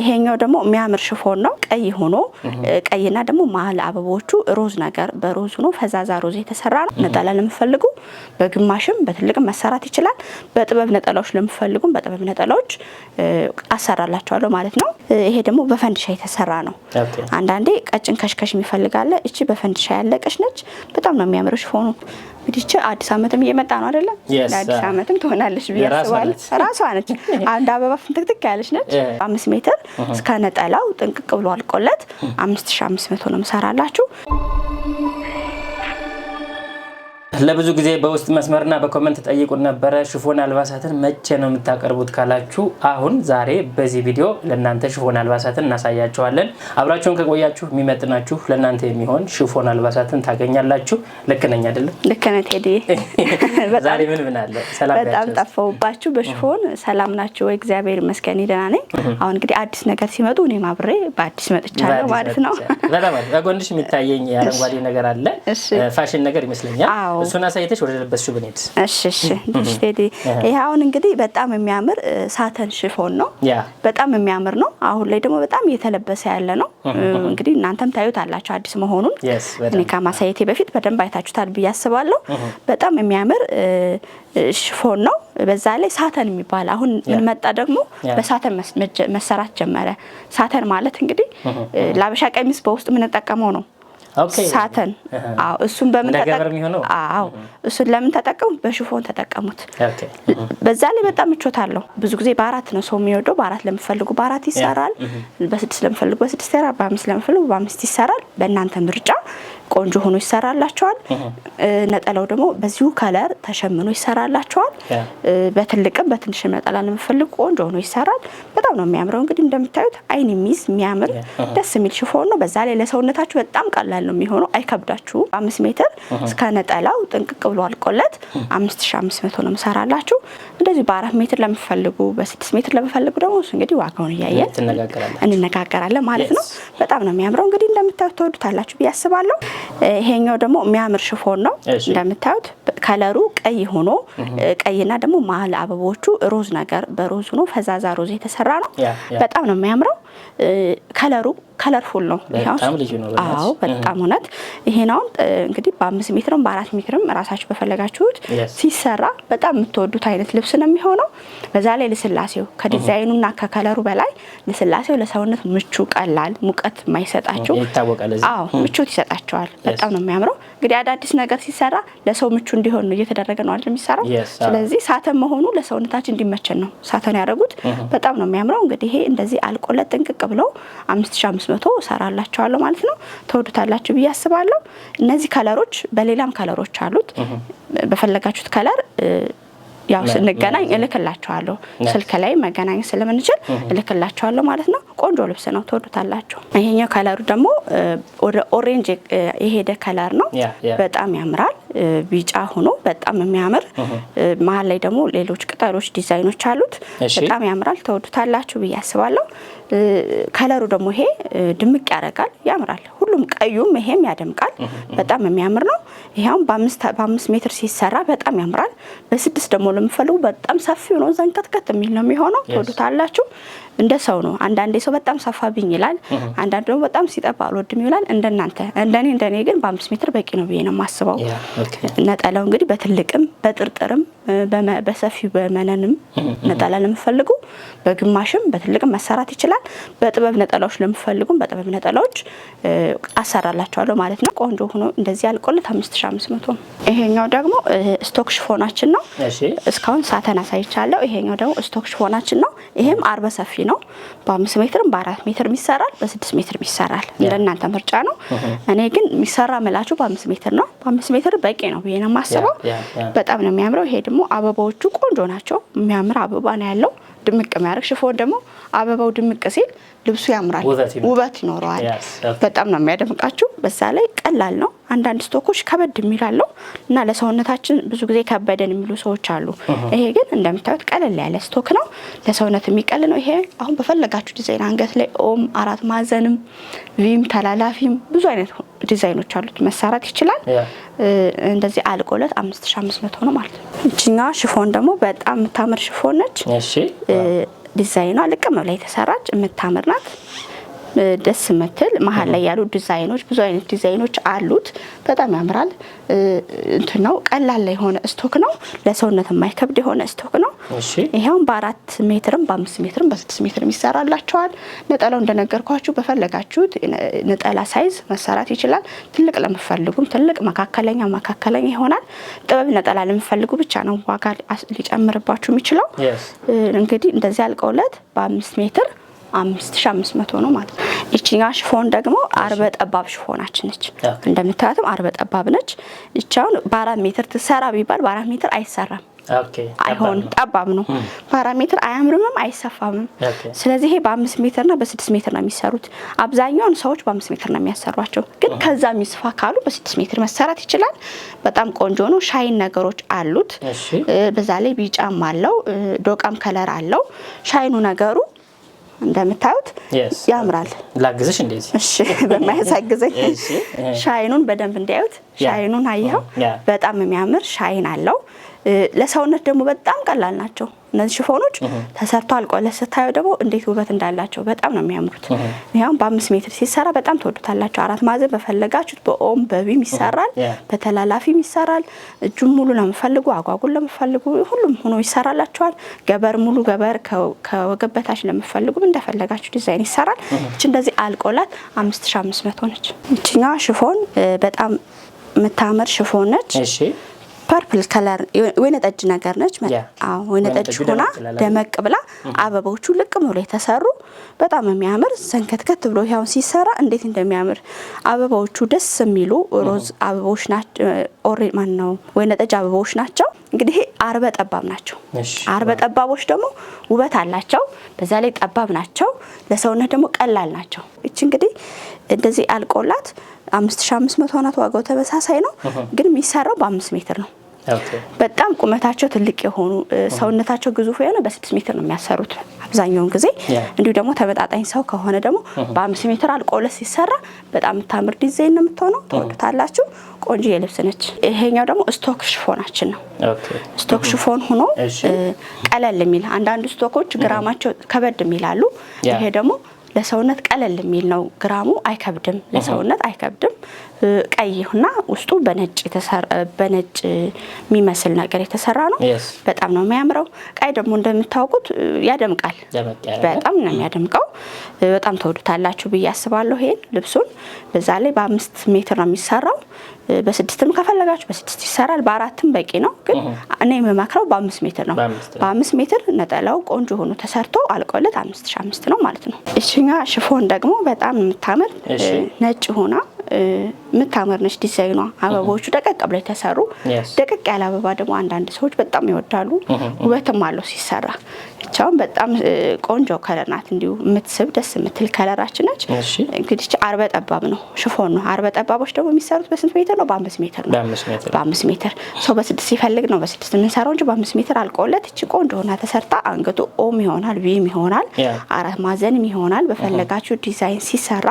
ይሄኛው ደግሞ የሚያምር ሽፎን ነው። ቀይ ሆኖ ቀይና ደግሞ መሀል አበቦቹ ሮዝ ነገር በሮዝ ሆኖ ፈዛዛ ሮዝ የተሰራ ነው። ነጠላ ለምፈልጉ በግማሽም በትልቅም መሰራት ይችላል። በጥበብ ነጠላዎች ለምፈልጉም በጥበብ ነጠላዎች አሰራላቸዋለሁ ማለት ነው። ይሄ ደግሞ በፈንድሻ የተሰራ ነው። አንዳንዴ ቀጭን ከሽከሽ የሚፈልጋለ እቺ በፈንድሻ ያለቀች ነች። በጣም ነው የሚያምረው ሽፎኑ። ብቻ አዲስ አመትም እየመጣ ነው አይደለም? ለአዲስ uh, ዓመትም ትሆናለች ብዬ አስባለሁ። ራሷ ነች። አንድ አበባ ፍንትክትክ ያለች ነች። አምስት ሜትር እስከ ነጠላው ጥንቅቅ ብሎ አልቆለት አምስት ሺ አምስት መቶ ነው ምሰራላችሁ። ለብዙ ጊዜ በውስጥ መስመርና በኮመንት ጠይቁን ነበረ ሽፎን አልባሳትን መቼ ነው የምታቀርቡት ካላችሁ፣ አሁን ዛሬ በዚህ ቪዲዮ ለእናንተ ሽፎን አልባሳትን እናሳያችኋለን። አብራችሁን ከቆያችሁ የሚመጥናችሁ ለእናንተ የሚሆን ሽፎን አልባሳትን ታገኛላችሁ። ልክ ነኝ አይደለም? ልክ ነህ ቴዲ። ዛሬ ምን ምን አለ? በጣም ጠፋሁባችሁ በሽፎን። ሰላም ናችሁ እግዚአብሔር ይመስገን ደህና ነኝ። አሁን እንግዲህ አዲስ ነገር ሲመጡ እኔም አብሬ በአዲስ መጥቻለሁ ማለት ነው። በጣም በጎንሽ የሚታየኝ የአረንጓዴ ነገር አለ ፋሽን ነገር ይመስለኛል እሱን አሳይተሽ ወደ ብንሄድ። እሺ እሺ። ይሄ አሁን እንግዲህ በጣም የሚያምር ሳተን ሽፎን ነው። በጣም የሚያምር ነው። አሁን ላይ ደግሞ በጣም እየተለበሰ ያለ ነው። እንግዲህ እናንተም ታዩት አላችሁ አዲስ መሆኑን እኔ ከማሳየቴ በፊት በደንብ አይታችሁታል ብዬ አስባለሁ። በጣም የሚያምር ሽፎን ነው። በዛ ላይ ሳተን የሚባል አሁን ምን መጣ ደግሞ በሳተን መሰራት ጀመረ። ሳተን ማለት እንግዲህ ለአበሻ ቀሚስ በውስጥ የምንጠቀመው ነው ሳተን አዎ፣ እሱን በምን አዎ፣ እሱን ለምን ተጠቀሙ? በሽፎን ተጠቀሙት። በዛ ላይ በጣም ምቾት አለው። ብዙ ጊዜ በአራት ነው ሰው የሚወደው። በአራት ለምፈልጉ በአራት ይሰራል። በስድስት ለምፈልጉ በስድስት ይሰራል። በአምስት ለምፈልጉ በአምስት ይሰራል። በእናንተ ምርጫ ቆንጆ ሆኖ ይሰራላቸዋል። ነጠላው ደግሞ በዚሁ ከለር ተሸምኖ ይሰራላቸዋል። በትልቅም በትንሽ ነጠላ ለምፈልግ ቆንጆ ሆኖ ይሰራል። በጣም ነው የሚያምረው። እንግዲህ እንደምታዩት አይን የሚይዝ የሚያምር ደስ የሚል ሽፎን ነው። በዛ ላይ ለሰውነታችሁ በጣም ቀላል ነው የሚሆነው፣ አይከብዳችሁም። አምስት ሜትር እስከ ነጠላው ጥንቅቅ ብሎ አልቆለት አምስት ሺ አምስት መቶ ነው ምሰራላችሁ። እንደዚሁ በአራት ሜትር ለምፈልጉ፣ በስድስት ሜትር ለምፈልጉ ደግሞ እሱ እንግዲህ ዋጋውን እያየን እንነጋገራለን ማለት ነው። በጣም ነው የሚያምረው። እንግዲህ እንደምታዩት ተወዱታላችሁ ብዬ አስባለሁ። ይሄኛው ደግሞ የሚያምር ሽፎን ነው እንደምታዩት ከለሩ ቀይ ሆኖ ቀይና ደግሞ መሀል አበቦቹ ሮዝ ነገር በሮዝ ሆኖ ፈዛዛ ሮዝ የተሰራ ነው። በጣም ነው የሚያምረው። ከለሩ ከለርፉል ነው። አዎ በጣም እውነት። ይሄን እንግዲህ በአምስት ሜትርም በአራት ሜትርም ራሳችሁ በፈለጋችሁት ሲሰራ በጣም የምትወዱት አይነት ልብስ ነው የሚሆነው። በዛ ላይ ልስላሴው ከዲዛይኑና ከከለሩ በላይ ልስላሴው ለሰውነት ምቹ፣ ቀላል፣ ሙቀት የማይሰጣችሁ አዎ ምቾት ይሰጣቸዋል። በጣም ነው የሚያምረው። እንግዲህ አዳዲስ ነገር ሲሰራ ለሰው ምቹ እንዲሆን ነው እየተደረገ ነው አይደል የሚሰራው። ስለዚህ ሳተን መሆኑ ለሰውነታችን እንዲመቸን ነው ሳተን ያደረጉት። በጣም ነው የሚያምረው። እንግዲህ ይሄ እንደዚህ አልቆለጥ ጥንቅቅ ብለው አምስት ሺ አምስት መቶ እሰራላቸዋለሁ ማለት ነው። ተወዱታላችሁ ብዬ አስባለሁ። እነዚህ ከለሮች በሌላም ከለሮች አሉት። በፈለጋችሁት ከለር ያው ስንገናኝ እልክላችኋለሁ። ስልክ ላይ መገናኘት ስለምንችል እልክላችኋለሁ ማለት ነው። ቆንጆ ልብስ ነው፣ ትወዱታላችሁ። ይሄኛው ከለሩ ደግሞ ወደ ኦሬንጅ የሄደ ከለር ነው፣ በጣም ያምራል። ቢጫ ሆኖ በጣም የሚያምር መሀል ላይ ደግሞ ሌሎች ቅጠሎች ዲዛይኖች አሉት። በጣም ያምራል። ተወዱታላችሁ ብዬ አስባለሁ። ከለሩ ደግሞ ይሄ ድምቅ ያደርጋል፣ ያምራል። ሁሉም ቀዩም ይሄም ያደምቃል። በጣም የሚያምር ነው። ይሄውም በአምስት ሜትር ሲሰራ በጣም ያምራል። በስድስት ደግሞ ለምፈልጉ በጣም ሰፊ ሆኖ ዘንቀጥቀጥ የሚል ነው የሚሆነው። ተወዱታላችሁ። እንደ ሰው ነው። አንዳንዴ ሰው በጣም ሰፋብኝ ይላል፣ አንዳንድ ደግሞ በጣም ሲጠባ አልወድም ይላል። እንደናንተ እንደኔ እንደኔ ግን በአምስት ሜትር በቂ ነው ብዬ ነው የማስበው። ነጠላው እንግዲህ በትልቅም በጥርጥርም በሰፊው በመነንም ነጠላ ለምፈልጉ በግማሽም በትልቅም መሰራት ይችላል። በጥበብ ነጠላዎች ለምፈልጉም በጥበብ ነጠላዎች አሰራላቸዋለሁ ማለት ነው። ቆንጆ ሆኖ እንደዚህ ያልቆለት አምስት ሺ አምስት መቶ ይሄኛው ደግሞ ስቶክ ሽፎናችን ነው። እስካሁን ሳተን አሳይቻለሁ። ይሄኛው ደግሞ ስቶክ ሽፎናችን ነው። ይሄም አርበ ሰፊ ነው። በአምስት ሜትርም በአራት ሜትርም ይሰራል፣ በስድስት ሜትርም ይሰራል። እናንተ ምርጫ ነው። እኔ ግን የሚሰራ ምላችሁ በአምስት ሜትር ነው። በአምስት ሜትር በ ጥያቄ ነው ብዬ ነው የማስበው። በጣም ነው የሚያምረው። ይሄ ደግሞ አበባዎቹ ቆንጆ ናቸው። የሚያምር አበባ ነው ያለው። ድምቅ የሚያደርግ ሽፎን ደግሞ አበባው ድምቅ ሲል ልብሱ ያምራል፣ ውበት ይኖረዋል። በጣም ነው የሚያደምቃችሁ። በዛ ላይ ቀላል ነው። አንዳንድ ስቶኮች ከበድ የሚላለው እና ለሰውነታችን ብዙ ጊዜ ከበደን የሚሉ ሰዎች አሉ። uh-huh. ይሄ ግን እንደምታዩት ቀለል ያለ ስቶክ ነው፣ ለሰውነት የሚቀል ነው። ይሄ አሁን በፈለጋችሁ ዲዛይን አንገት ላይ ኦም፣ አራት ማዕዘንም፣ ቪም፣ ተላላፊም ብዙ አይነት ዲዛይኖች አሉት። መሰራት ይችላል። እንደዚህ አልቆለት አምስት ሺ አምስት መቶ ነው ማለት ነው። እችኛ ሽፎን ደግሞ በጣም የምታምር ሽፎን ነች። ዲዛይኗ ልቅም ብላ የተሰራች የምታምር ናት። ደስ የምትል መሀል ላይ ያሉ ዲዛይኖች ብዙ አይነት ዲዛይኖች አሉት። በጣም ያምራል። እንትን ነው ቀላል የሆነ ስቶክ ነው። ለሰውነት የማይከብድ የሆነ ስቶክ ነው። ይኸውም በአራት ሜትርም በአምስት ሜትርም በስድስት ሜትርም ይሰራላቸዋል። ነጠላው እንደነገርኳችሁ በፈለጋችሁት ነጠላ ሳይዝ መሰራት ይችላል። ትልቅ ለምፈልጉም ትልቅ፣ መካከለኛ መካከለኛ ይሆናል። ጥበብ ነጠላ ለምፈልጉ ብቻ ነው ዋጋ ሊጨምርባችሁ የሚችለው። እንግዲህ እንደዚህ አልቀውለት በአምስት ሜትር አምስት ሺ አምስት መቶ ነው ማለት ነው። ይችኛ ሽፎን ደግሞ አርበ ጠባብ ሽፎናችን ነች። እንደምታያትም አርበ ጠባብ ነች። ይቻውን በአራት ሜትር ትሰራ ቢባል በአራት ሜትር አይሰራም። አይሆን ጠባብ ነው። በአራት ሜትር አያምርምም፣ አይሰፋምም። ስለዚህ ይሄ በአምስት ሜትር ና በስድስት ሜትር ነው የሚሰሩት። አብዛኛውን ሰዎች በአምስት ሜትር ነው የሚያሰሯቸው፣ ግን ከዛ የሚስፋ ካሉ በስድስት ሜትር መሰራት ይችላል። በጣም ቆንጆ ነው። ሻይን ነገሮች አሉት። በዛ ላይ ቢጫም አለው፣ ዶቃም ከለር አለው። ሻይኑ ነገሩ እንደምታዩት ያምራል። ላግዝሽ እንደዚህ። እሺ፣ በማያሳግዘኝ ሻይኑን በደንብ እንዲያዩት። ሻይኑን አየኸው፣ በጣም የሚያምር ሻይን አለው። ለሰውነት ደግሞ በጣም ቀላል ናቸው። እነዚህ ሽፎኖች ተሰርቶ አልቆ ለስታዩ ደግሞ እንዴት ውበት እንዳላቸው በጣም ነው የሚያምሩት። ይኸውም በአምስት ሜትር ሲሰራ በጣም ተወዱታላቸው አራት ማዕዘን በፈለጋችሁት በኦም በቢም ይሰራል፣ በተላላፊም ይሰራል። እጁም ሙሉ ለምፈልጉ፣ አጓጉል ለምፈልጉ ሁሉም ሆኖ ይሰራላቸዋል። ገበር ሙሉ ገበር ከወገብ በታች ለምፈልጉም እንደፈለጋችሁ ዲዛይን ይሰራል። እች እንደዚህ አልቆላት አምስት ሺ አምስት መቶ ነች። እችኛዋ ሽፎን በጣም የምታምር ሽፎን ነች። ፐርፕል ከለር ወይነ ጠጅ ነገር ነች። አዎ ወይነ ጠጅ ሆና ደመቅ ብላ አበቦቹ ልቅም ብሎ የተሰሩ በጣም የሚያምር ሰንከትከት ብሎ ያው ሲሰራ እንዴት እንደሚያምር አበባዎቹ ደስ የሚሉ ሮዝ አበቦች ናቸው። ማን ነው ወይነ ጠጅ አበቦች ናቸው። እንግዲህ አርበ ጠባብ ናቸው። አርበ ጠባቦች ደግሞ ውበት አላቸው። በዛ ላይ ጠባብ ናቸው። ለሰውነት ደግሞ ቀላል ናቸው። እች እንግዲህ እንደዚህ አልቆላት መቶ ናት። ዋጋው ተመሳሳይ ነው፣ ግን የሚሰራው በአምስት ሜትር ነው። በጣም ቁመታቸው ትልቅ የሆኑ ሰውነታቸው ግዙፍ የሆነ በስድስት ሜትር ነው የሚያሰሩት አብዛኛውን ጊዜ። እንዲሁ ደግሞ ተመጣጣኝ ሰው ከሆነ ደግሞ በአምስት ሜትር አልቆለት ሲሰራ በጣም የምታምር ዲዛይን ነው የምትሆነው። ተወዱታላችሁ። ቆንጆ የልብስ ነች። ይሄኛው ደግሞ ስቶክ ሽፎናችን ነው። ስቶክ ሽፎን ሆኖ ቀለል የሚል አንዳንዱ ስቶኮች ግራማቸው ከበድ የሚላሉ ይሄ ደግሞ ለሰውነት ቀለል የሚል ነው። ግራሙ አይከብድም፣ ለሰውነት አይከብድም። ቀይና ውስጡ በነጭ በነጭ የሚመስል ነገር የተሰራ ነው። በጣም ነው የሚያምረው። ቀይ ደግሞ እንደምታውቁት ያደምቃል፣ በጣም ነው የሚያደምቀው። በጣም ተወዱታላችሁ ብዬ አስባለሁ ይሄን ልብሱን። በዛ ላይ በአምስት ሜትር ነው የሚሰራው በስድስትም ከፈለጋችሁ በስድስት ይሰራል። በአራትም በቂ ነው፣ ግን እኔ የምመክረው በአምስት ሜትር ነው። በአምስት ሜትር ነጠላው ቆንጆ ሆኖ ተሰርቶ አልቆለት አምስት ሺ አምስት ነው ማለት ነው። እችኛ ሽፎን ደግሞ በጣም የምታምር ነጭ ሆና የምታምር ነች። ዲዛይኗ አበቦቹ ደቀቅ ብለው የተሰሩ ደቀቅ ያለ አበባ ደግሞ አንዳንድ ሰዎች በጣም ይወዳሉ። ውበትም አለው ሲሰራ ብቻውን በጣም ቆንጆ ከለር ናት። እንዲሁ የምትስብ ደስ የምትል ከለራችን ነች። እንግዲህ አርበ ጠባብ ነው ሽፎን ነው። አርበ ጠባቦች ደግሞ የሚሰሩት በስንት ሜትር ነው? በአምስት ሜትር ነው። በአምስት ሜትር ሰው በስድስት ሲፈልግ ነው በስድስት የምንሰራው እንጂ በአምስት ሜትር አልቆለት እቺ ቆንጆ ሆና ተሰርታ አንገቱ ኦም ይሆናል፣ ቪም ይሆናል፣ አራት ማዘንም ይሆናል። በፈለጋችሁ ዲዛይን ሲሰራ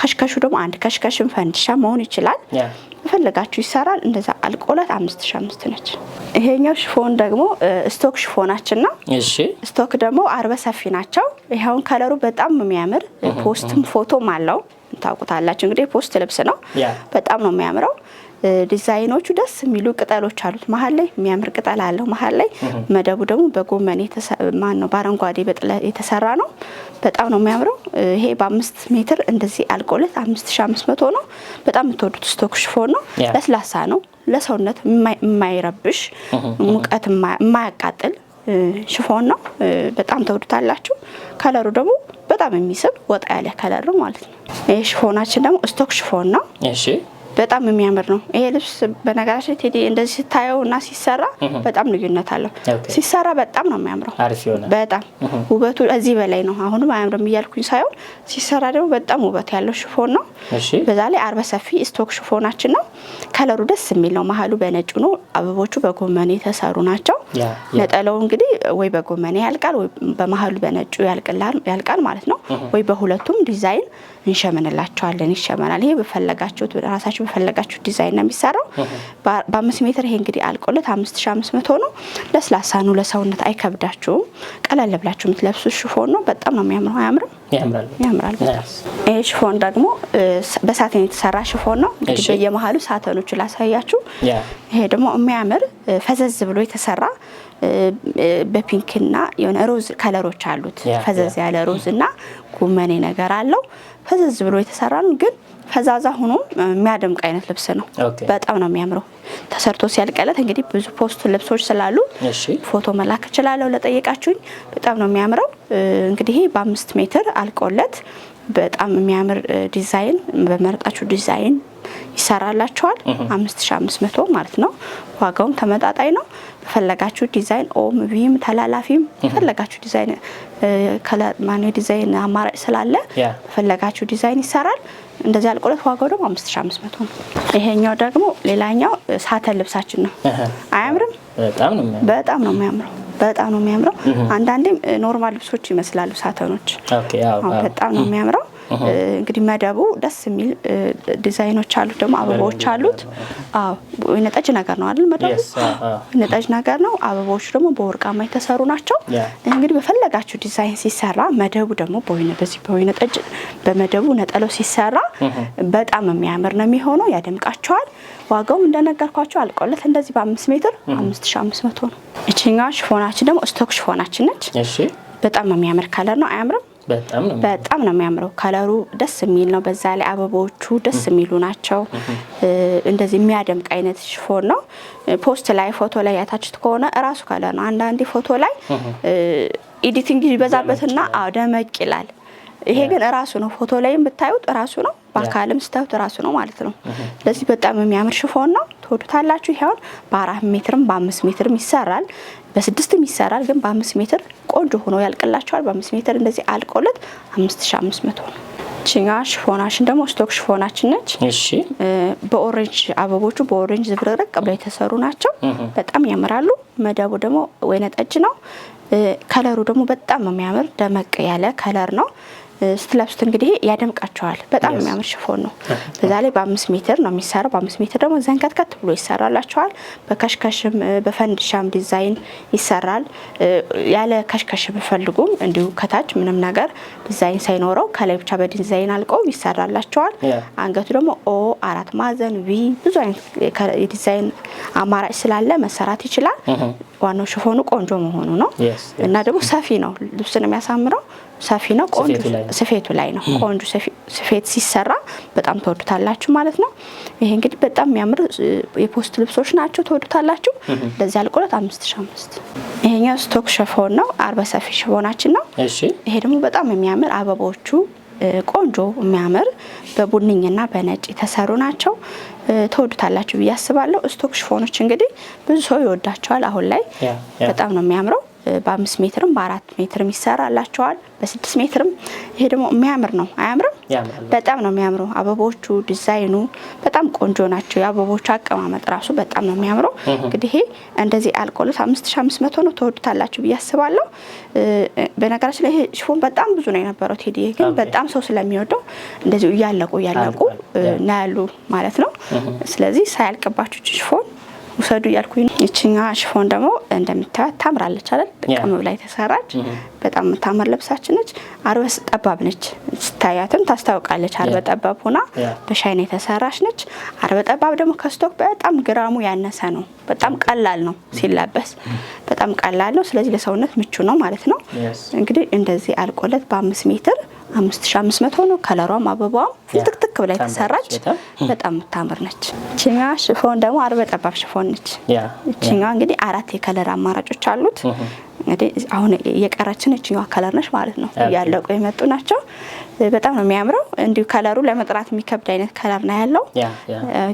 ከሽከሹ ደግሞ አንድ ከሽከሽም ፈንድሻ መሆን ይችላል። የፈለጋችሁ ይሰራል። እንደዛ አልቆላት አምስት ሺ አምስት ነች። ይሄኛው ሽፎን ደግሞ ስቶክ ሽፎናችን ነው። ስቶክ ደግሞ አርበ ሰፊ ናቸው። ይኸውን ከለሩ በጣም የሚያምር ፖስትም ፎቶም አለው። ታውቁታላችሁ እንግዲህ ፖስት ልብስ ነው። በጣም ነው የሚያምረው ዲዛይኖቹ ደስ የሚሉ ቅጠሎች አሉት። መሀል ላይ የሚያምር ቅጠል አለው። መሀል ላይ መደቡ ደግሞ በጎመን ማን ነው በአረንጓዴ በጥለ የተሰራ ነው። በጣም ነው የሚያምረው። ይሄ በአምስት ሜትር እንደዚህ አልቆለት አምስት ሺ አምስት መቶ ነው። በጣም የምትወዱት ስቶክ ሽፎን ነው። ለስላሳ ነው። ለሰውነት የማይረብሽ ሙቀት የማያቃጥል ሽፎን ነው። በጣም ተወዱታላችሁ። ከለሩ ደግሞ በጣም የሚስብ ወጣ ያለ ከለር ማለት ነው። ይህ ሽፎናችን ደግሞ ስቶክ ሽፎን ነው። በጣም የሚያምር ነው ይሄ ልብስ። በነገራችን ቴዲ እንደዚህ ስታየው እና ሲሰራ በጣም ልዩነት አለው። ሲሰራ በጣም ነው የሚያምረው። በጣም ውበቱ እዚህ በላይ ነው። አሁንም አያምርም እያልኩኝ ሳይሆን ሲሰራ ደግሞ በጣም ውበት ያለው ሽፎን ነው። በዛ ላይ አርበ ሰፊ ስቶክ ሽፎናችን ነው። ከለሩ ደስ የሚል ነው። መሀሉ በነጭ ነው። አበቦቹ በጎመን የተሰሩ ናቸው። ነጠላው እንግዲህ ወይ በጎመኔ ያልቃል ወይ በመሀሉ በነጩ ያልቃል ማለት ነው። ወይ በሁለቱም ዲዛይን እንሸመንላቸዋለን ይሸመናል። ይሄ በፈለጋችሁት ራሳችሁ በፈለጋችሁት ዲዛይን ነው የሚሰራው። በአምስት ሜትር ይሄ እንግዲህ አልቆለት አምስት ሺ አምስት መቶ ነው። ለስላሳ ነው፣ ለሰውነት አይከብዳችሁም። ቀለል ብላችሁ የምትለብሱት ሽፎን ነው። በጣም ነው የሚያምረው። አያምርም? ያምራል። ይህ ሽፎን ደግሞ በሳተን የተሰራ ሽፎን ነው። እንግዲህ በየመሀሉ ሳተኖቹ ላሳያችሁ። ይሄ ደግሞ የሚያምር ፈዘዝ ብሎ የተሰራ በፒንክና የሆነ ሮዝ ከለሮች አሉት። ፈዘዝ ያለ ሮዝ እና ጎመኔ ነገር አለው። ፈዘዝ ብሎ የተሰራ ነው ግን ፈዛዛ ሆኖ የሚያደምቅ አይነት ልብስ ነው። በጣም ነው የሚያምረው። ተሰርቶ ሲያልቀለት እንግዲህ ብዙ ፖስት ልብሶች ስላሉ ፎቶ መላክ እችላለሁ ለጠየቃችሁኝ። በጣም ነው የሚያምረው። እንግዲህ በአምስት ሜትር አልቆለት በጣም የሚያምር ዲዛይን በመረጣችሁ ዲዛይን ይሰራላችኋል። አምስት ሺ አምስት መቶ ማለት ነው። ዋጋውም ተመጣጣኝ ነው። በፈለጋችሁ ዲዛይን ኦም ቪም ተላላፊም የፈለጋችሁ ዲዛይን ከለማኔ ዲዛይን አማራጭ ስላለ በፈለጋችሁ ዲዛይን ይሰራል። እንደዚህ አልቆለት ዋጋው ደግሞ 5500 ነው። ይሄኛው ደግሞ ሌላኛው ሳተን ልብሳችን ነው። አያምርም? በጣም ነው የሚያምረው። በጣም ነው የሚያምረው። አንዳንዴም ኖርማል ልብሶች ይመስላሉ ሳተኖች። በጣም ነው የሚያምረው። እንግዲህ መደቡ ደስ የሚል ዲዛይኖች አሉት፣ ደግሞ አበባዎች አሉት። ነጠጅ ነገር ነው አይደል? መደቡ ነጠጅ ነገር ነው። አበባዎቹ ደግሞ በወርቃማ የተሰሩ ናቸው። እንግዲህ በፈለጋችሁ ዲዛይን ሲሰራ መደቡ ደግሞ በወይነ በዚህ በወይነ በመደቡ ነጠለው ሲሰራ በጣም የሚያምር ነው የሚሆነው፣ ያደምቃቸዋል። ዋጋው እንደነገርኳቸው አልቆለት እንደዚህ በአምስት ሜትር አምስት ሺ አምስት መቶ ነው። ይችኛዋ ሽፎናችን ደግሞ ስቶክ ሽፎናችን ነች። በጣም የሚያምር ከለር ነው። አያምርም? በጣም ነው የሚያምረው። ከለሩ ደስ የሚል ነው። በዛ ላይ አበቦቹ ደስ የሚሉ ናቸው። እንደዚህ የሚያደምቅ አይነት ሽፎን ነው። ፖስት ላይ ፎቶ ላይ ያታችት ከሆነ እራሱ ከለር ነው። አንዳንዴ ፎቶ ላይ ኤዲቲንግ ይበዛበትና ደመቅ ይላል። ይሄ ግን እራሱ ነው። ፎቶ ላይ ብታዩት እራሱ ነው። በአካልም ስታዩት እራሱ ነው ማለት ነው። ስለዚህ በጣም የሚያምር ሽፎን ነው። ትወዱታላችሁ። ይሄውን በአራት ሜትርም በአምስት ሜትርም ይሰራል፣ በስድስትም ይሰራል። ግን በአምስት ሜትር ቆንጆ ሆኖ ያልቅላቸዋል በአምስት ሜትር እንደዚህ አልቆለት አምስት ሺ አምስት መቶ ነው። ችኛ ሽፎናችን ደግሞ ስቶክ ሽፎናችን ነች። እሺ በኦሬንጅ አበቦቹ በኦሬንጅ ዝብርቅርቅ ብለው የተሰሩ ናቸው። በጣም ያምራሉ። መደቡ ደግሞ ወይነ ጠጅ ነው። ከለሩ ደግሞ በጣም የሚያምር ደመቅ ያለ ከለር ነው። ስትለብሱት እንግዲህ ያደምቃቸዋል። በጣም የሚያምር ሽፎን ነው። በዛ ላይ በአምስት ሜትር ነው የሚሰራው። በአምስት ሜትር ደግሞ ዘንከትከት ብሎ ይሰራላቸዋል። በከሽከሽም በፈንድሻም ዲዛይን ይሰራል። ያለ ከሽከሽ ብፈልጉም እንዲሁ ከታች ምንም ነገር ዲዛይን ሳይኖረው ከላይ ብቻ በዲዛይን አልቀው ይሰራላቸዋል። አንገቱ ደግሞ ኦ አራት ማዕዘን ቪ ብዙ አይነት የዲዛይን አማራጭ ስላለ መሰራት ይችላል። mm-hmm. ዋናው ሽፎኑ ቆንጆ መሆኑ ነው እና ደግሞ ሰፊ ነው ልብስን የሚያሳምረው ሰፊ ነው። ቆንጆ ስፌቱ ላይ ነው። ቆንጆ ስፌት ሲሰራ በጣም ተወዱታላችሁ ማለት ነው። ይሄ እንግዲህ በጣም የሚያምር የፖስት ልብሶች ናቸው። ተወዱታላችሁ። ለዚህ አልቆለት አምስት ሺ አምስት ይሄኛው ስቶክ ሸፎን ነው። አርበ ሰፊ ሸፎናችን ነው። ይሄ ደግሞ በጣም የሚያምር አበቦቹ ቆንጆ የሚያምር በቡኒኝና በነጭ የተሰሩ ናቸው። ተወዱታላችሁ ብዬ አስባለሁ። ስቶክ ሽፎኖች እንግዲህ ብዙ ሰው ይወዳቸዋል። አሁን ላይ በጣም ነው የሚያምረው። በአምስት ሜትርም በአራት ሜትርም ይሰራላቸዋል በስድስት ሜትርም። ይሄ ደግሞ የሚያምር ነው፣ አያምርም? በጣም ነው የሚያምረው። አበቦቹ ዲዛይኑ በጣም ቆንጆ ናቸው። የአበቦቹ አቀማመጥ ራሱ በጣም ነው የሚያምረው። እንግዲህ ይሄ እንደዚህ አልቆሉት አምስት ሺ አምስት መቶ ነው። ተወዱታላችሁ ብዬ አስባለሁ። በነገራችን ላይ ይሄ ሽፎን በጣም ብዙ ነው የነበረው ቴዲ፣ ግን በጣም ሰው ስለሚወደው እንደዚሁ እያለቁ እያለቁ ናያሉ ማለት ነው። ስለዚህ ሳያልቅባችሁ ሽፎን ውሰዱ እያልኩ ይችኛ ሽፎን ደግሞ እንደምታያት ታምራለች አይደል? ጥቅም ብላ የተሰራች በጣም የምታምር ልብሳችን ነች። አርበ ጠባብ ነች፣ ስታያትም ታስታውቃለች። አርበ ጠባብ ሆና በሻይን የተሰራች ነች። አርበ ጠባብ ደግሞ ከስቶክ በጣም ግራሙ ያነሰ ነው። በጣም ቀላል ነው ሲለበስ፣ በጣም ቀላል ነው። ስለዚህ ለሰውነት ምቹ ነው ማለት ነው። እንግዲህ እንደዚህ አልቆለት በአምስት ሜትር አምስት ሺ አምስት መቶ ነው። ከለሯም አበባዋም ፍልትክትክ ልክልክ ብላ የተሰራች በጣም የምታምር ነች። ችኛዋ ሽፎን ደግሞ አርበ ጠባብ ሽፎን ነች። ይችኛዋ እንግዲህ አራት የከለር አማራጮች አሉት። እንግዲህ አሁን የቀረችን እችኛዋ ከለር ነች ማለት ነው። እያለቁ የመጡ ናቸው። በጣም ነው የሚያምረው። እንዲሁ ከለሩ ለመጥራት የሚከብድ አይነት ከለር ነው ያለው፣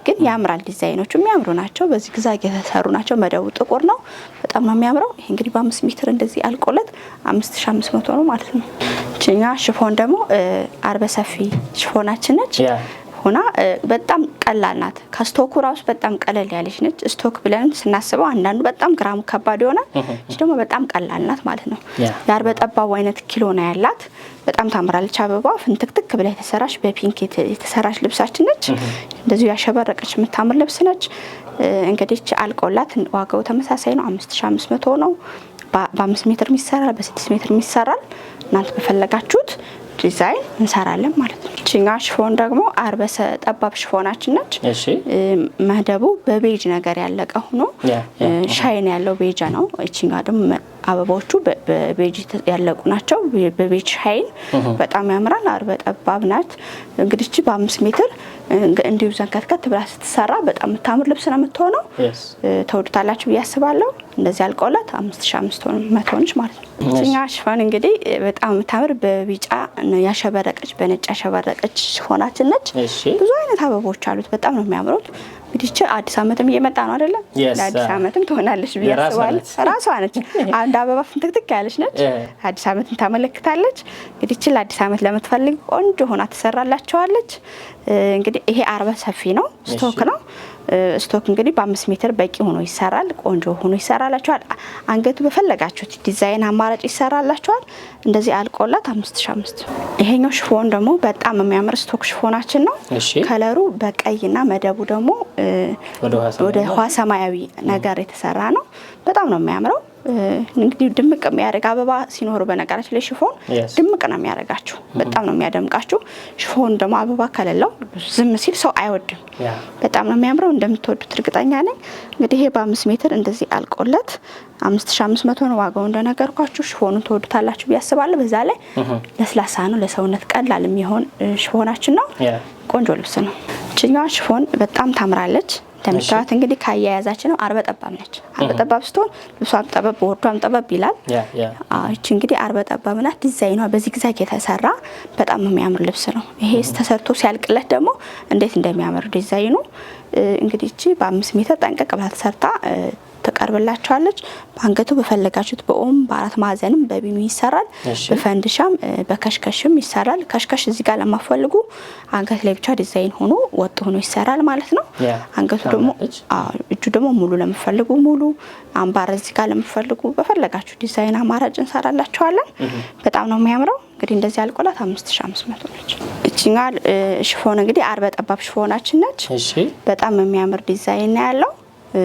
ግን ያምራል። ዲዛይኖቹ የሚያምሩ ናቸው። በዚህ ግዛግ የተሰሩ ናቸው። መደቡ ጥቁር ነው። በጣም ነው የሚያምረው። ይሄ እንግዲህ በአምስት ሜትር እንደዚህ አልቆለት አምስት ሺ አምስት መቶ ነው ማለት ነው። እችኛዋ ሽፎን ደግሞ አርበ ሰፊ ሽፎናችን ነች። ሆና በጣም ቀላል ናት። ከስቶኩ ራሱ በጣም ቀለል ያለች ነች። ስቶክ ብለን ስናስበው አንዳንዱ በጣም ግራሙ ከባድ ይሆናል። እች ደግሞ በጣም ቀላል ናት ማለት ነው። ያርበጠባቡ አይነት ኪሎ ነው ያላት። በጣም ታምራለች። አበባ ፍንትክትክ ብላ የተሰራች በፒንክ የተሰራች ልብሳችን ነች። እንደዚሁ ያሸበረቀች የምታምር ልብስ ነች። እንግዲህ አልቆላት ዋጋው ተመሳሳይ ነው። አምስት ሺ አምስት መቶ ነው። በአምስት ሜትር ይሰራል፣ በስድስት ሜትር ይሰራል። እናንተ በፈለጋችሁት ዲዛይን እንሰራለን ማለት ነው። እችኛ ሽፎን ደግሞ አርበሰ ጠባብ ሽፎናችን ነች። መደቡ በቤጅ ነገር ያለቀ ሆኖ ሻይን ያለው ቤጃ ነው። እችኛ ደግሞ አበባዎቹ በቤጅ ያለቁ ናቸው። በቤጅ ሻይን በጣም ያምራል። አርበ ጠባብ ናት። እንግዲህ በአምስት ሜትር እንዲሁ ዘንከትከት ብላ ስትሰራ በጣም የምታምር ልብስ ነው የምትሆነው። ተወዱታላችሁ ብዬ አስባለሁ። እንደዚህ አልቀውላት አምስት ሺ አምስት መቶ ነች ማለት ነው። እኛ ሽፋን እንግዲህ በጣም የምታምር በቢጫ ያሸበረቀች በነጭ ያሸበረቀች ሆናችን ነች። ብዙ አይነት አበቦች አሉት። በጣም ነው የሚያምሩት። ብቻ አዲስ አመትም እየመጣ ነው አይደለ? ለአዲስ uh, ዓመትም ትሆናለች ብዬ አስባለሁ። ራሷ ነች አንድ አበባ ፍንትክትክ ያለች ነች። አዲስ ዓመትን ታመለክታለች። እንግዲህ ለአዲስ ዓመት ለምትፈልግ ቆንጆ ሆና ትሰራላቸዋለች። እንግዲህ ይሄ አርበ ሰፊ ነው፣ ስቶክ ነው። ስቶክ እንግዲህ በአምስት ሜትር በቂ ሆኖ ይሰራል። ቆንጆ ሆኖ ይሰራላችኋል። አንገቱ በፈለጋችሁት ዲዛይን አማራጭ ይሰራላችኋል። እንደዚህ አልቆላት አምስት ሺ አምስት ይሄኛው ሽፎን ደግሞ በጣም የሚያምር ስቶክ ሽፎናችን ነው። ከለሩ በቀይና መደቡ ደግሞ ወደ ውሃ ሰማያዊ ነገር የተሰራ ነው። በጣም ነው የሚያምረው። እንግዲህ ድምቅ የሚያደርግ አበባ ሲኖሩ በነገራችን ላይ ሽፎን ድምቅ ነው የሚያደርጋችሁ፣ በጣም ነው የሚያደምቃችሁ። ሽፎን ደግሞ አበባ ከሌለው ዝም ሲል ሰው አይወድም። በጣም ነው የሚያምረው፣ እንደምትወዱት እርግጠኛ ነኝ። እንግዲህ ይሄ በአምስት ሜትር እንደዚህ አልቆለት አምስት ሺ አምስት መቶ ነው ዋጋው እንደነገርኳችሁ። ሽፎኑን ትወዱታላችሁ ብዬ አስባለሁ። በዛ ላይ ለስላሳ ነው፣ ለሰውነት ቀላል የሚሆን ሽፎናችን ነው። ቆንጆ ልብስ ነው። እችኛዋ ሽፎን በጣም ታምራለች። እንደምታዩት እንግዲህ ከአያያዛችን ነው። አርበ ጠባብ ነች። አርበ ጠባብ ስትሆን ልብሷም ጠበብ ወርዷም ጠበብ ይላል። እቺ እንግዲህ አርበ ጠባብ ናት። ዲዛይኗ በዚግዛግ የተሰራ በጣም የሚያምር ልብስ ነው። ይሄ ተሰርቶ ሲያልቅለት ደግሞ እንዴት እንደሚያምር ዲዛይኑ እንግዲህ እቺ በአምስት ሜትር ጠንቀቅ ብላ ተሰርታ ትቀርብላችኋለች። በአንገቱ በፈለጋችሁት በኦም በአራት ማዕዘንም በቢሚ ይሰራል። በፈንድሻም በከሽከሽም ይሰራል። ከሽከሽ እዚህ ጋር ለማፈልጉ አንገት ላይ ብቻ ዲዛይን ሆኖ ወጥ ሆኖ ይሰራል ማለት ነው። አንገቱ ደግሞ እጁ ደግሞ ሙሉ ለምፈልጉ ሙሉ፣ አምባር እዚህ ጋር ለምፈልጉ በፈለጋችሁ ዲዛይን አማራጭ እንሰራላችኋለን። በጣም ነው የሚያምረው። እንግዲህ እንደዚህ አልቆላት 5500 ነች። እቺኛ ሽፎን እንግዲህ አርበ ጠባብ ሽፎናችን ነች። በጣም የሚያምር ዲዛይን ያለው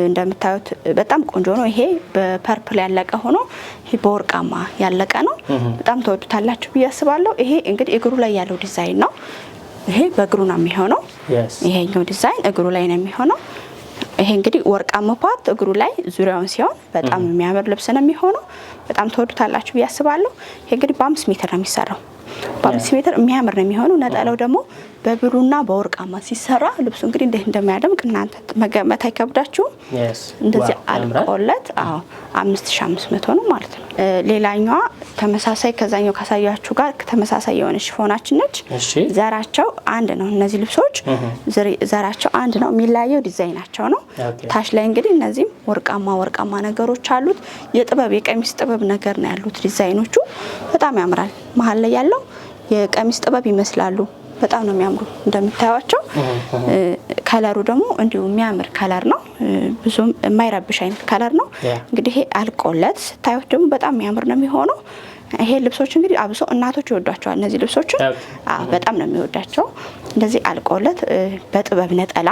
እንደምታዩት በጣም ቆንጆ ነው። ይሄ በፐርፕል ያለቀ ሆኖ ይሄ በወርቃማ ያለቀ ነው። በጣም ተወዱታላችሁ ብዬ አስባለሁ። ይሄ እንግዲህ እግሩ ላይ ያለው ዲዛይን ነው። ይሄ በእግሩ ነው የሚሆነው። ይሄኛው ዲዛይን እግሩ ላይ ነው የሚሆነው። ይሄ እንግዲህ ወርቃማ ፓርት እግሩ ላይ ዙሪያውን ሲሆን በጣም የሚያምር ልብስ ነው የሚሆነው። በጣም ተወዱታላችሁ ብዬ አስባለሁ። ይሄ እንግዲህ በአምስት ሜትር ነው የሚሰራው። በአምስት ሜትር የሚያምር ነው የሚሆነው። ነጠላው ደግሞ በብሩና በወርቃማ ሲሰራ ልብሱ እንግዲህ እንዴት እንደሚያደምቅ እናንተ መገመት አይከብዳችሁም። እንደዚህ አልቆለት አዎ አምስት ሺ አምስት መቶ ነው ማለት ነው። ሌላኛዋ ተመሳሳይ ከዛኛው ካሳያችሁ ጋር ተመሳሳይ የሆነ ሽፎናችን ነች። ዘራቸው አንድ ነው። እነዚህ ልብሶች ዘራቸው አንድ ነው። የሚለያየው ዲዛይናቸው ነው። ታች ላይ እንግዲህ እነዚህም ወርቃማ ወርቃማ ነገሮች አሉት። የጥበብ የቀሚስ ጥበብ ነገር ነው ያሉት ዲዛይኖቹ። በጣም ያምራል መሀል ላይ ያለው የቀሚስ ጥበብ ይመስላሉ። በጣም ነው የሚያምሩ እንደምታዩቸው። ከለሩ ደግሞ እንዲሁ የሚያምር ከለር ነው። ብዙም የማይረብሽ አይነት ከለር ነው። እንግዲህ ይሄ አልቆለት ስታዩት ደግሞ በጣም የሚያምር ነው የሚሆነው። ይሄ ልብሶች እንግዲህ አብሶ እናቶች ይወዷቸዋል። እነዚህ ልብሶች በጣም ነው የሚወዳቸው። እንደዚህ አልቆለት በጥበብ ነጠላ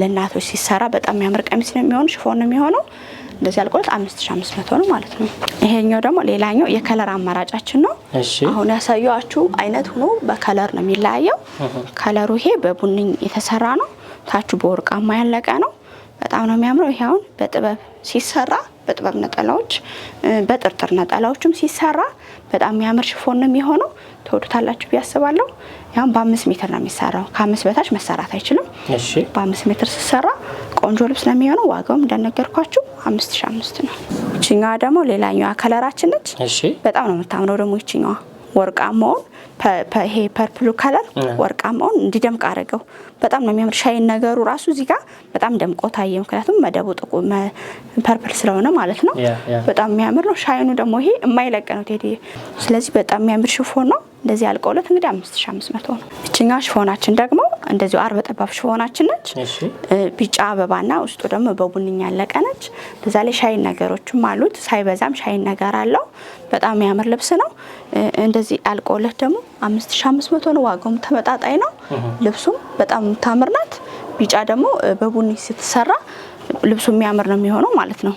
ለእናቶች ሲሰራ በጣም የሚያምር ቀሚስ ነው የሚሆን ሽፎን ነው የሚሆነው። እንደዚህ ያልቆለት መቶ ነው ማለት ነው። ይሄኛው ደግሞ ሌላኛው የከለር አማራጫችን ነው። አሁን ያሳየዋችሁ አይነት ሆኖ በከለር ነው የሚለያየው። ከለሩ ይሄ በቡኒ የተሰራ ነው። ታቹ በወርቃማ ያለቀ ነው። በጣም ነው የሚያምረው። ይሄ አሁን በጥበብ ሲሰራ በጥበብ ነጠላዎች፣ በጥርጥር ነጠላዎችም ሲሰራ በጣም የሚያምር ሽፎን ነው የሚሆነው። ተወዱታላችሁ ብዬ አስባለሁ። ያም በአምስት ሜትር ነው የሚሰራው። ከአምስት በታች መሰራት አይችልም። በአምስት ሜትር ሲሰራ ቆንጆ ልብስ ነው የሚሆነው። ዋጋውም እንደነገርኳችሁ አምስት ሺ አምስት ነው። ይችኛዋ ደግሞ ሌላኛዋ ከለራችን ነች። በጣም ነው የምታምረው ደግሞ ይችኛዋ ወርቃማውን ይሄ ፐርፕሉ ከለር ወርቃማውን እንዲደምቅ አድርገው በጣም ነው የሚያምር። ሻይን ነገሩ ራሱ እዚህ ጋር በጣም ደምቆ ታየ። ምክንያቱም መደቡ ጥቁር ፐርፕል ስለሆነ ማለት ነው። በጣም የሚያምር ነው። ሻይኑ ደግሞ ይሄ የማይለቅ ነው ቴዲ። ስለዚህ በጣም የሚያምር ሽፎን ነው። እንደዚህ ያልቀውለት እንግዲህ 5500 ነው። እችኛ ሽፎናችን ደግሞ እንደዚሁ አርበ ጠባብ ሽፎናችን ነች። ቢጫ አበባና ውስጡ ደግሞ በቡንኝ ያለቀ ነች። በዛ ላይ ሻይን ነገሮችም አሉት። ሳይበዛም ሻይን ነገር አለው። በጣም የሚያምር ልብስ ነው። እንደዚህ ያልቀውለት ደግሞ 5500 ነው። ዋጋውም ተመጣጣኝ ነው። ልብሱም በጣም ታምር ናት። ቢጫ ደግሞ በቡኒ ስትሰራ ልብሱ የሚያምር ነው የሚሆነው ማለት ነው።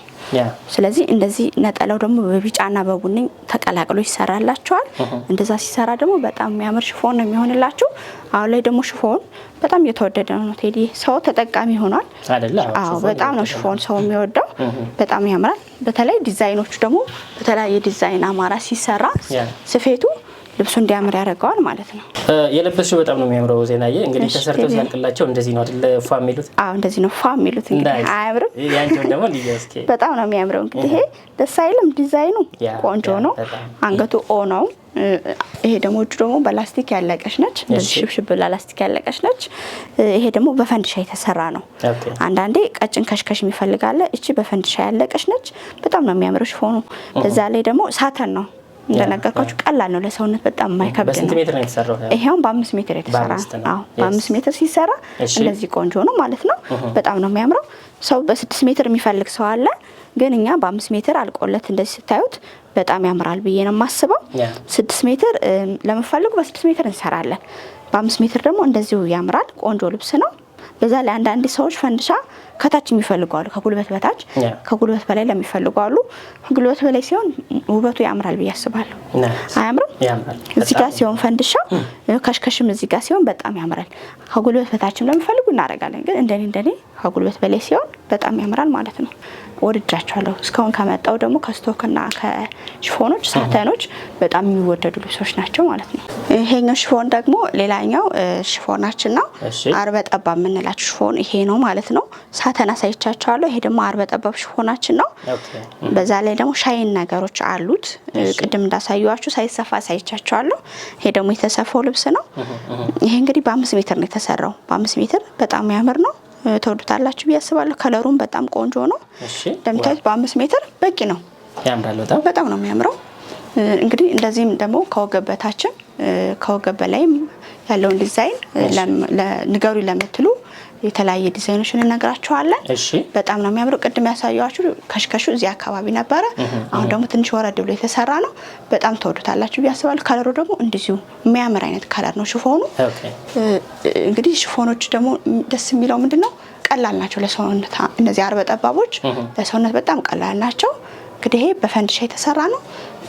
ስለዚህ እንደዚህ ነጠላው ደግሞ በቢጫና በቡኒ ተቀላቅሎ ይሰራላቸዋል። እንደዛ ሲሰራ ደግሞ በጣም የሚያምር ሽፎን ነው የሚሆንላችሁ። አሁን ላይ ደግሞ ሽፎን በጣም እየተወደደ ነው። ቴዲ ሰው ተጠቃሚ ሆኗል። አዎ በጣም ነው ሽፎን ሰው የሚወደው። በጣም ያምራል። በተለይ ዲዛይኖቹ ደግሞ በተለያየ ዲዛይን አማራ ሲሰራ ስፌቱ ልብሱ እንዲያምር ያደርገዋል ማለት ነው። የለበሱ በጣም ነው የሚያምረው ዜናዬ። እንግዲህ ተሰርተው ሲያልቅላቸው እንደዚህ ነው አይደል? ፏ የሚሉት አዎ፣ እንደዚህ ነው ፏ የሚሉት። እንግዲህ አያምርም? ያንቸውን ደግሞ ልዩ እስኪ። በጣም ነው የሚያምረው። እንግዲህ ይሄ ደስ አይልም? ዲዛይኑ ቆንጆ ነው። አንገቱ ኦ ነው። ይሄ ደግሞ እጁ ደግሞ በላስቲክ ያለቀች ነች። እንደዚህ ሽብሽብ ላላስቲክ ያለቀች ነች። ይሄ ደግሞ በፈንድሻ የተሰራ ነው። አንዳንዴ ቀጭን ከሽከሽ የሚፈልጋለ። እቺ በፈንድሻ ያለቀች ነች። በጣም ነው የሚያምረው ሽፎኑ። በዛ ላይ ደግሞ ሳተን ነው እንደነገርኳችሁ ቀላል ነው፣ ለሰውነት በጣም የማይከብድ ነው። በስንት በአምስት ሜትር የተሰራ ነው። በአምስት ሜትር ሲሰራ እንደዚህ ቆንጆ ነው ማለት ነው። በጣም ነው የሚያምረው። ሰው በስድስት ሜትር የሚፈልግ ሰው አለ፣ ግን እኛ በአምስት ሜትር አልቆለት እንደዚህ ስታዩት በጣም ያምራል ብዬ ነው የማስበው። ስድስት ሜትር ለመፈለጉ በስድስት ሜትር እንሰራለን። በአምስት ሜትር ደግሞ እንደዚሁ ያምራል። ቆንጆ ልብስ ነው። በዛ ላይ አንዳንድ ሰዎች ፈንድሻ ከታች የሚፈልጉ አሉ፣ ከጉልበት በታች ከጉልበት በላይ ለሚፈልጉ አሉ። ጉልበት በላይ ሲሆን ውበቱ ያምራል ብዬ አስባለሁ። አያምርም? እዚህ ጋር ሲሆን ፈንድሻ ከሽከሽም እዚህ ጋር ሲሆን በጣም ያምራል። ከጉልበት በታችም ለሚፈልጉ እናደርጋለን። ግን እንደኔ እንደኔ ከጉልበት በላይ ሲሆን በጣም ያምራል ማለት ነው። ወድጃቸዋለሁ። እስካሁን ከመጣው ደግሞ ከስቶክና ከሽፎኖች ሳተኖች በጣም የሚወደዱ ልብሶች ናቸው ማለት ነው። ይሄኛው ሽፎን ደግሞ ሌላኛው ሽፎናችን ነው። አርበ ጠባብ የምንላቸው ሽፎን ይሄ ነው ማለት ነው። ሳተን አሳይቻቸዋለሁ። ይሄ ደግሞ አርበ ጠባብ ሽፎናችን ነው። በዛ ላይ ደግሞ ሻይን ነገሮች አሉት። ቅድም እንዳሳየዋችሁ ሳይሰፋ አሳይቻቸዋለሁ። ይሄ ደግሞ የተሰፋው ልብስ ነው። ይሄ እንግዲህ በአምስት ሜትር ነው የተሰራው። በአምስት ሜትር በጣም ያምር ነው። ተወዱታላችሁ ብዬ አስባለሁ። ከለሩም በጣም ቆንጆ ነው። እንደምታዩት በአምስት ሜትር በቂ ነው። በጣም በጣም ነው የሚያምረው። እንግዲህ እንደዚህም ደግሞ ከወገብ በታችም ከወገብ በላይም ያለውን ዲዛይን ንገሩ ለምትሉ የተለያየ ዲዛይኖችን እነግራችኋለን። በጣም ነው የሚያምሩ። ቅድም ያሳየኋችሁ ከሽከሹ እዚህ አካባቢ ነበረ። አሁን ደግሞ ትንሽ ወረድ ብሎ የተሰራ ነው። በጣም ተወዱታላችሁ ብዬ አስባለሁ። ከለሩ ደግሞ እንደዚሁ የሚያምር አይነት ከለር ነው ሽፎኑ። እንግዲህ ሽፎኖች ደግሞ ደስ የሚለው ምንድን ነው ቀላል ናቸው ለሰውነት። እነዚህ አርበ ጠባቦች ለሰውነት በጣም ቀላል ናቸው። እንግዲህ ይሄ የተሰራ ነው።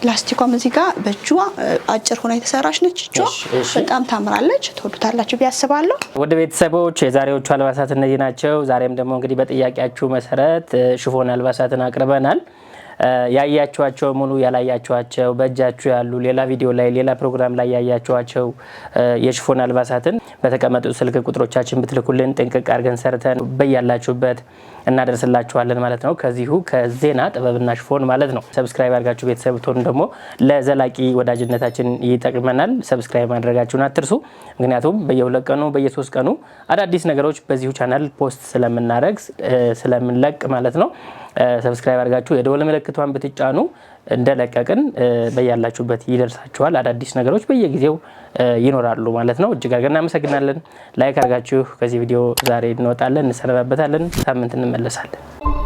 ላስቲኳ እዚህ ጋ በእጅዋ አጭር ሆና የተሰራች ነች። እጇ በጣም ታምራለች። ትወዱታላችሁ ብዬ አስባለሁ። ወደ ቤተሰቦች የዛሬዎቹ አልባሳት እነዚህ ናቸው። ዛሬም ደግሞ እንግዲህ በጥያቄያችሁ መሰረት ሽፎን አልባሳትን አቅርበናል። ያያችኋቸው ሙሉ ያላያችኋቸው በእጃችሁ ያሉ ሌላ ቪዲዮ ላይ ሌላ ፕሮግራም ላይ ያያችኋቸው የሽፎን አልባሳትን በተቀመጡ ስልክ ቁጥሮቻችን ብትልኩልን ጥንቅቅ አድርገን ሰርተን በያላችሁበት እናደርስላችኋለን ማለት ነው። ከዚሁ ከዜና ጥበብና ሽፎን ማለት ነው። ሰብስክራይብ አድርጋችሁ ቤተሰብ ትሆኑ ደግሞ ለዘላቂ ወዳጅነታችን ይጠቅመናል። ሰብስክራይብ ማድረጋችሁን አትርሱ። ምክንያቱም በየሁለት ቀኑ በየሶስት ቀኑ አዳዲስ ነገሮች በዚሁ ቻናል ፖስት ስለምናደረግ ስለምንለቅ ማለት ነው። ሰብስክራይብ አድርጋችሁ የደወል ምልክቷን ብትጫኑ እንደለቀቅን በያላችሁበት ይደርሳችኋል። አዳዲስ ነገሮች በየጊዜው ይኖራሉ ማለት ነው። እጅግ አድርገን እናመሰግናለን። ላይክ አድርጋችሁ ከዚህ ቪዲዮ ዛሬ እንወጣለን፣ እንሰነባበታለን። ሳምንት እንመለሳለን።